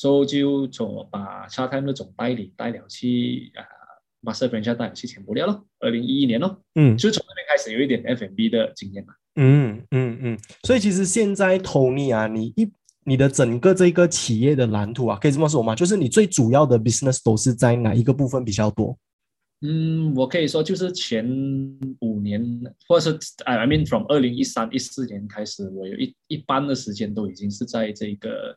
所、so, 以就從我把沙灘的總代理帶了去，啊 Master Franchise 帶了去咯，二零一一年咯，嗯，就從那邊開始有一點 F&B 的經驗。嗯嗯嗯，所以其實現在 Tony 啊，你一你的整個這個企業的藍圖啊，可以這麼說嗎？就是你最主要的 business 都是在哪一個部分比較多？嗯，我可以說就是前五年，或者是 I mean 從二零一三一四年開始，我有一一般的時間都已經是在這個。